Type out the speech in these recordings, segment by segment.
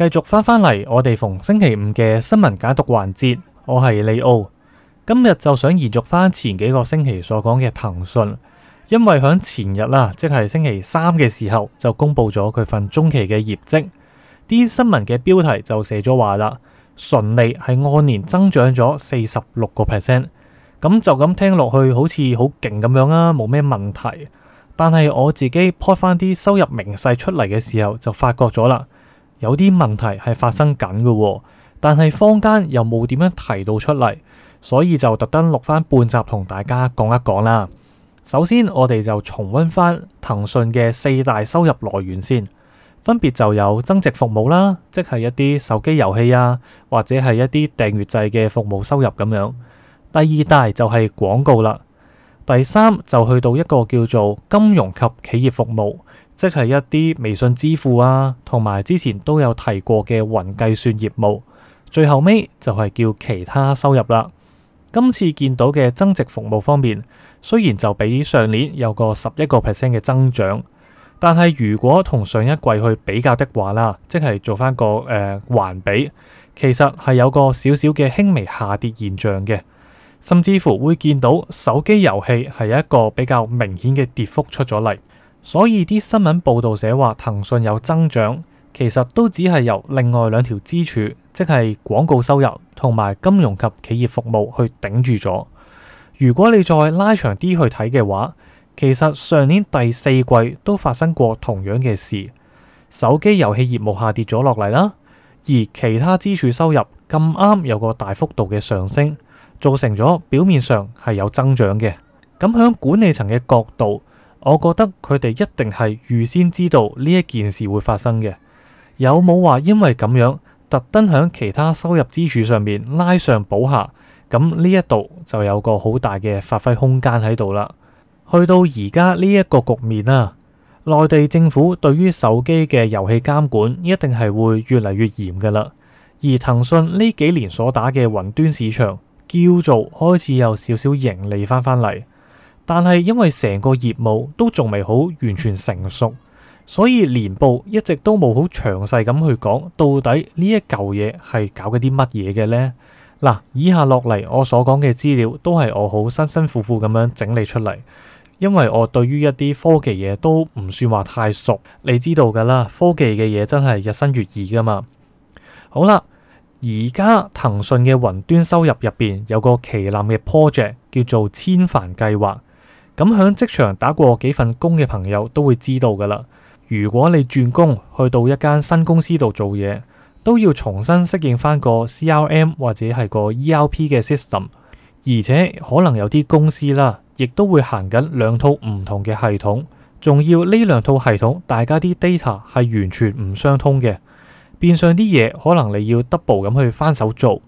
繼續翻返嚟，我哋逢星期五嘅新聞解讀環節，我係利奧，今日就想延續翻前幾個星期所講嘅騰訊，因為響前日啦，即係星期三嘅時候就公布咗佢份中期嘅業績，啲新聞嘅標題就寫咗話啦，純利係按年增長咗四十六個 percent，咁就咁聽落去好似好勁咁樣啊，冇咩問題，但係我自己 put 翻啲收入明細出嚟嘅時候就發覺咗啦。有啲問題係發生緊嘅喎，但係坊間又冇點樣提到出嚟，所以就特登錄返半集同大家講一講啦。首先，我哋就重温返騰訊嘅四大收入來源先，分別就有增值服務啦，即係一啲手機遊戲啊，或者係一啲訂閱制嘅服務收入咁樣。第二大就係廣告啦。第三就去到一個叫做金融及企業服務。即係一啲微信支付啊，同埋之前都有提過嘅雲計算業務。最後尾就係叫其他收入啦。今次見到嘅增值服務方面，雖然就比上年有個十一個 percent 嘅增長，但係如果同上一季去比較的話啦，即係做翻個誒、呃、環比，其實係有個少少嘅輕微下跌現象嘅，甚至乎會見到手機遊戲係一個比較明顯嘅跌幅出咗嚟。所以啲新聞報道寫話騰訊有增長，其實都只係由另外兩條支柱，即係廣告收入同埋金融及企業服務去頂住咗。如果你再拉長啲去睇嘅話，其實上年第四季都發生過同樣嘅事，手機遊戲業務下跌咗落嚟啦，而其他支柱收入咁啱有個大幅度嘅上升，造成咗表面上係有增長嘅。咁響管理層嘅角度，我覺得佢哋一定係預先知道呢一件事會發生嘅，有冇話因為咁樣特登喺其他收入支柱上面拉上補下？咁呢一度就有個好大嘅發揮空間喺度啦。去到而家呢一個局面啦、啊，內地政府對於手機嘅遊戲監管一定係會越嚟越嚴噶啦。而騰訊呢幾年所打嘅雲端市場叫做開始有少少盈利翻返嚟。但係因為成個業務都仲未好完全成熟，所以年報一直都冇好詳細咁去講到底呢一舊嘢係搞緊啲乜嘢嘅呢。嗱、啊，以下落嚟我所講嘅資料都係我好辛辛苦苦咁樣整理出嚟，因為我對於一啲科技嘢都唔算話太熟，你知道噶啦，科技嘅嘢真係日新月異噶嘛。好啦，而家騰訊嘅雲端收入入邊有個旗艦嘅 project 叫做千帆計劃。咁響職場打過幾份工嘅朋友都會知道噶啦，如果你轉工去到一間新公司度做嘢，都要重新適應翻個 CRM 或者係個 ERP 嘅 system，而且可能有啲公司啦，亦都會行緊兩套唔同嘅系統，仲要呢兩套系統大家啲 data 係完全唔相通嘅，變相啲嘢可能你要 double 咁去翻手做，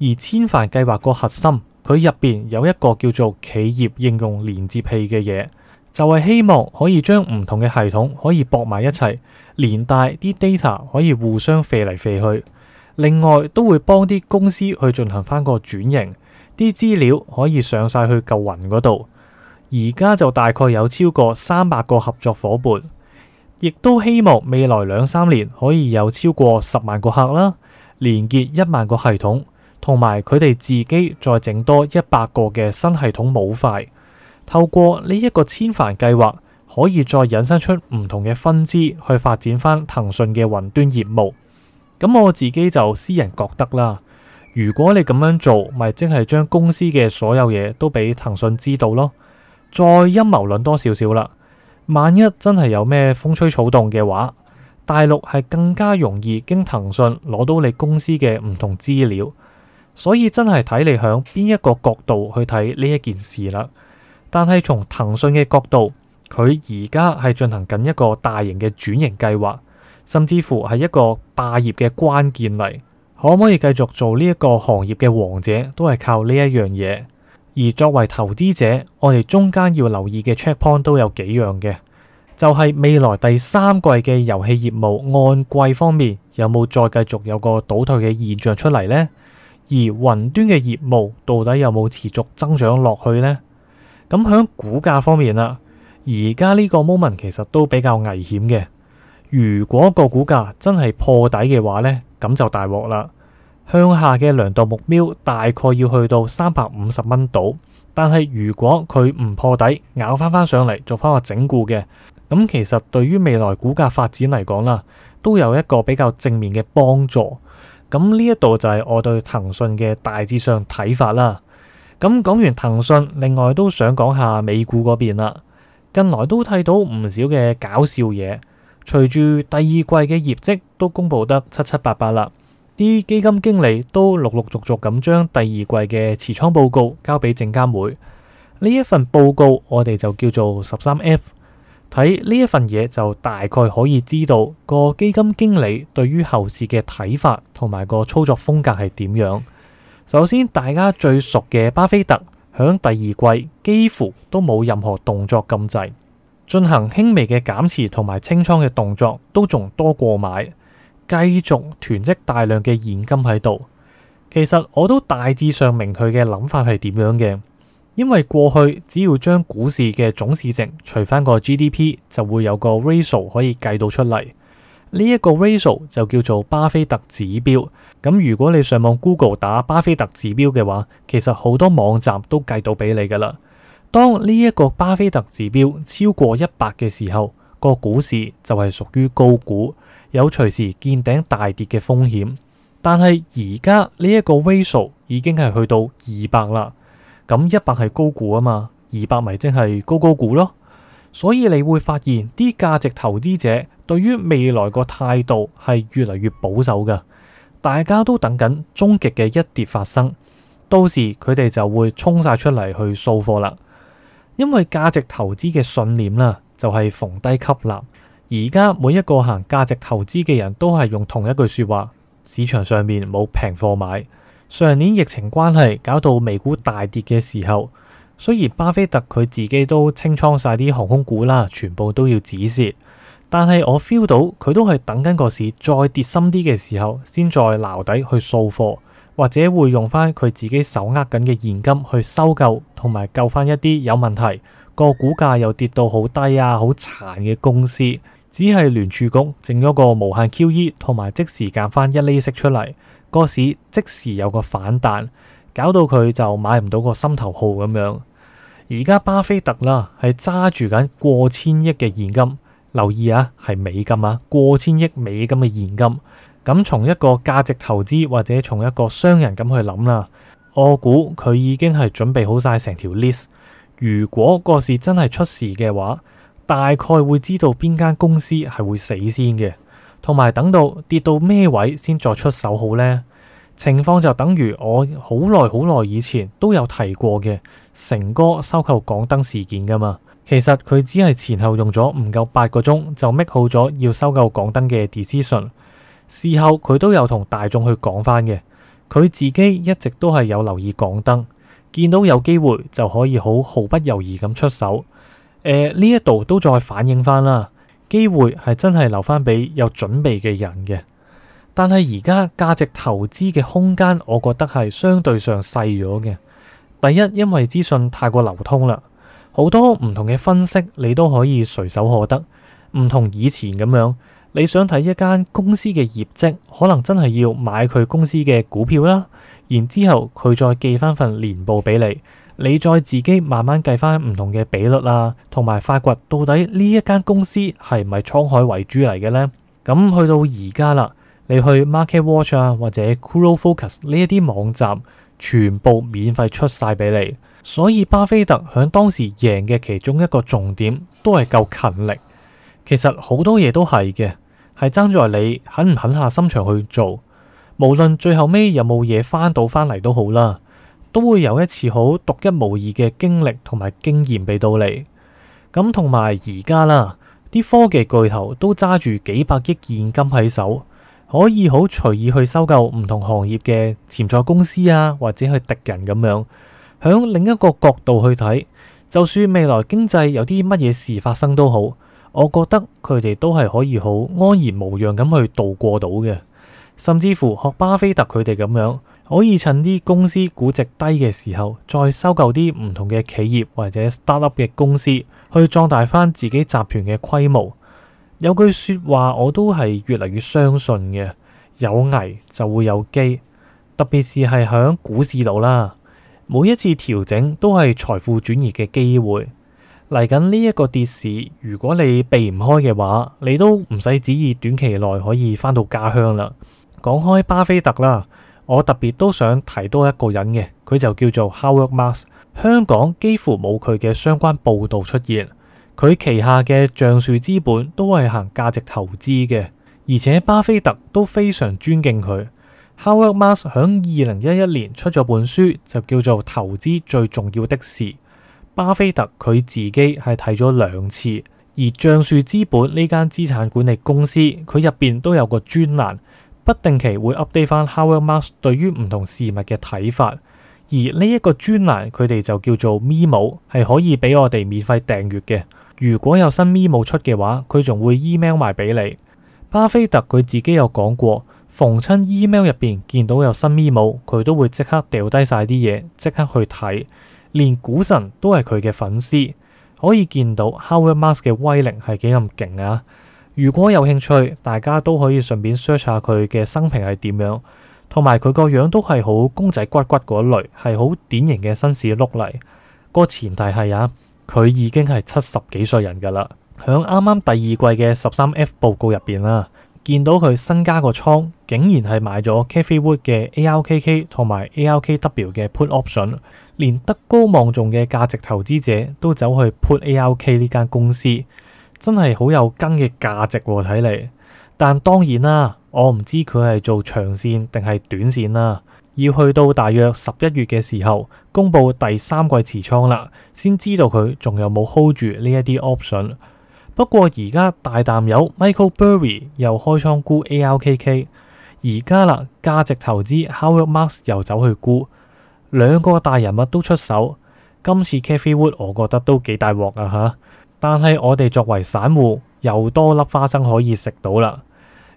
而千帆計劃個核心。佢入邊有一個叫做企業應用連接器嘅嘢，就係、是、希望可以將唔同嘅系統可以駁埋一齊，連帶啲 data 可以互相飛嚟飛去。另外都會幫啲公司去進行翻個轉型，啲資料可以上晒去舊雲嗰度。而家就大概有超過三百個合作伙伴，亦都希望未來兩三年可以有超過十萬個客啦，連結一萬個系統。同埋佢哋自己再整多一百個嘅新系統模塊，透過呢一個千帆計劃，可以再引申出唔同嘅分支去發展翻騰訊嘅雲端業務。咁我自己就私人覺得啦，如果你咁樣做，咪即係將公司嘅所有嘢都俾騰訊知道咯。再陰謀論多少少啦，萬一真係有咩風吹草動嘅話，大陸係更加容易經騰訊攞到你公司嘅唔同資料。所以真係睇你喺邊一個角度去睇呢一件事啦。但係從騰訊嘅角度，佢而家係進行緊一個大型嘅轉型計劃，甚至乎係一個霸業嘅關鍵嚟。可唔可以繼續做呢一個行業嘅王者，都係靠呢一樣嘢。而作為投資者，我哋中間要留意嘅 checkpoint 都有幾樣嘅，就係未來第三季嘅遊戲業務按季方面有冇再繼續有個倒退嘅現象出嚟呢？而雲端嘅業務到底有冇持續增長落去呢？咁喺股價方面啦，而家呢個 moment 其實都比較危險嘅。如果個股價真係破底嘅話呢，咁就大鑊啦。向下嘅量度目標大概要去到三百五十蚊度，但係如果佢唔破底，咬翻翻上嚟做翻個整固嘅，咁其實對於未來股價發展嚟講啦，都有一個比較正面嘅幫助。咁呢一度就係我對騰訊嘅大致上睇法啦。咁講完騰訊，另外都想講下美股嗰邊啦。近來都睇到唔少嘅搞笑嘢，隨住第二季嘅業績都公布得七七八八啦，啲基金經理都陸陸續續咁將第二季嘅持倉報告交俾證監會。呢一份報告，我哋就叫做十三 F。睇呢一份嘢，就大概可以知道個基金經理對於後市嘅睇法同埋個操作風格係點樣。首先，大家最熟嘅巴菲特響第二季幾乎都冇任何動作咁滯，進行輕微嘅減持同埋清倉嘅動作都仲多過買，繼續囤積大量嘅現金喺度。其實我都大致上明佢嘅諗法係點樣嘅。因為過去只要將股市嘅總市值除翻個 GDP，就會有個 ratio 可以計到出嚟。呢、這、一個 ratio 就叫做巴菲特指標。咁如果你上網 Google 打巴菲特指標嘅話，其實好多網站都計到俾你噶啦。當呢一個巴菲特指標超過一百嘅時候，個股市就係屬於高估，有隨時見頂大跌嘅風險。但係而家呢一個 ratio 已經係去到二百啦。咁一百係高估啊嘛，二百咪即係高高估咯，所以你會發現啲價值投資者對於未來個態度係越嚟越保守噶，大家都等緊終極嘅一跌發生，到時佢哋就會衝晒出嚟去掃貨啦，因為價值投資嘅信念啦就係逢低吸納，而家每一個行價值投資嘅人都係用同一句說話：市場上面冇平貨買。上年疫情關係搞到美股大跌嘅時候，雖然巴菲特佢自己都清倉晒啲航空股啦，全部都要止蝕，但係我 feel 到佢都係等緊個市再跌深啲嘅時候，先再撈底去掃貨，或者會用翻佢自己手握緊嘅現金去收購同埋救翻一啲有問題，個股價又跌到好低啊好殘嘅公司，只係聯儲局整咗個無限 QE 同埋即時減翻一厘息出嚟。個市即時有個反彈，搞到佢就買唔到個心頭號咁樣。而家巴菲特啦，係揸住緊過千億嘅現金，留意啊，係美金啊，過千億美金嘅現金。咁從一個價值投資或者從一個商人咁去諗啦，我估佢已經係準備好晒成條 list。如果個市真係出事嘅話，大概會知道邊間公司係會死先嘅。同埋等到跌到咩位先再出手好呢？情況就等於我好耐好耐以前都有提過嘅成哥收購港燈事件噶嘛。其實佢只係前後用咗唔夠八個鐘就搣好咗要收購港燈嘅 decision。事後佢都有同大眾去講翻嘅，佢自己一直都係有留意港燈，見到有機會就可以好毫不猶豫咁出手。誒呢一度都再反映翻啦。機會係真係留翻俾有準備嘅人嘅，但係而家價值投資嘅空間，我覺得係相對上細咗嘅。第一，因為資訊太過流通啦，好多唔同嘅分析你都可以隨手可得，唔同以前咁樣，你想睇一間公司嘅業績，可能真係要買佢公司嘅股票啦，然之後佢再寄翻份年報俾你。你再自己慢慢計翻唔同嘅比率啦、啊，同埋發掘到底呢一間公司係咪滄海遺珠嚟嘅呢？咁去到而家啦，你去 Market Watch 啊或者 GuruFocus 呢一啲網站，全部免費出晒俾你。所以巴菲特喺當時贏嘅其中一個重點，都係夠勤力。其實好多嘢都係嘅，係爭在你肯唔肯下心腸去做，無論最後尾有冇嘢翻到翻嚟都好啦。都會有一次好獨一無二嘅經歷同埋經驗畀到你，咁同埋而家啦，啲科技巨頭都揸住幾百億現金喺手，可以好隨意去收購唔同行業嘅潛在公司啊，或者去敵人咁樣。響另一個角度去睇，就算未來經濟有啲乜嘢事發生都好，我覺得佢哋都係可以好安然無恙咁去度過到嘅，甚至乎學巴菲特佢哋咁樣，可以趁啲公司估值低嘅時候，再收購啲唔同嘅企業或者 startup 嘅公司，去壯大翻自己集團嘅規模。有句說話我都係越嚟越相信嘅，有危就會有機，特別是係響股市度啦。每一次調整都係財富轉移嘅機會。嚟緊呢一個跌市，如果你避唔開嘅話，你都唔使指意短期內可以翻到家鄉啦。講開巴菲特啦。我特別都想提多一個人嘅，佢就叫做 Howard Marks。香港幾乎冇佢嘅相關報道出現。佢旗下嘅橡樹資本都係行價值投資嘅，而且巴菲特都非常尊敬佢。Howard Marks 響二零一一年出咗本書，就叫做《投資最重要的事》。巴菲特佢自己係睇咗兩次，而橡樹資本呢間資產管理公司，佢入邊都有個專欄。不定期會 update 翻 Howard Marks 對於唔同事物嘅睇法，而呢一個專欄佢哋就叫做 Memo，係可以俾我哋免費訂閱嘅。如果有新 Memo 出嘅話，佢仲會 email 埋俾你。巴菲特佢自己有講過，逢親 email 入邊見到有新 Memo，佢都會即刻掉低晒啲嘢，即刻去睇。連股神都係佢嘅粉絲，可以見到 Howard Marks 嘅威力係幾咁勁啊！如果有興趣，大家都可以順便 search 下佢嘅生平係點樣，同埋佢個樣都係好公仔骨骨嗰類，係好典型嘅紳士碌嚟。個前提係啊，佢已經係七十幾歲人㗎啦。響啱啱第二季嘅十三 F 報告入邊啦，見到佢新加個倉，竟然係買咗 Cathie Wood 嘅 ARKK 同埋 ARKW 嘅 Put Option，連德高望重嘅價值投資者都走去 Put ARK 呢間公司。真係好有根嘅價值睇嚟，但當然啦，我唔知佢係做長線定係短線啦。要去到大約十一月嘅時候公布第三季持倉啦，先知道佢仲有冇 hold 住呢一啲 option。不過而家大淡友，Michael Burry 又開倉沽 ARKK。而家啦價值投資 Howard Marks 又走去沽，兩個大人物都出手，今次 Cathie Wood 我覺得都幾大鑊啊吓！但係我哋作為散戶又多粒花生可以食到啦，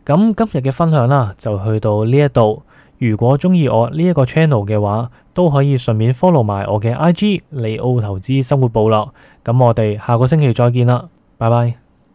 咁今日嘅分享啦就去到呢一度。如果中意我呢一個 channel 嘅話，都可以順便 follow 埋我嘅 IG 利奧投資生活報啦。咁我哋下個星期再見啦，拜拜。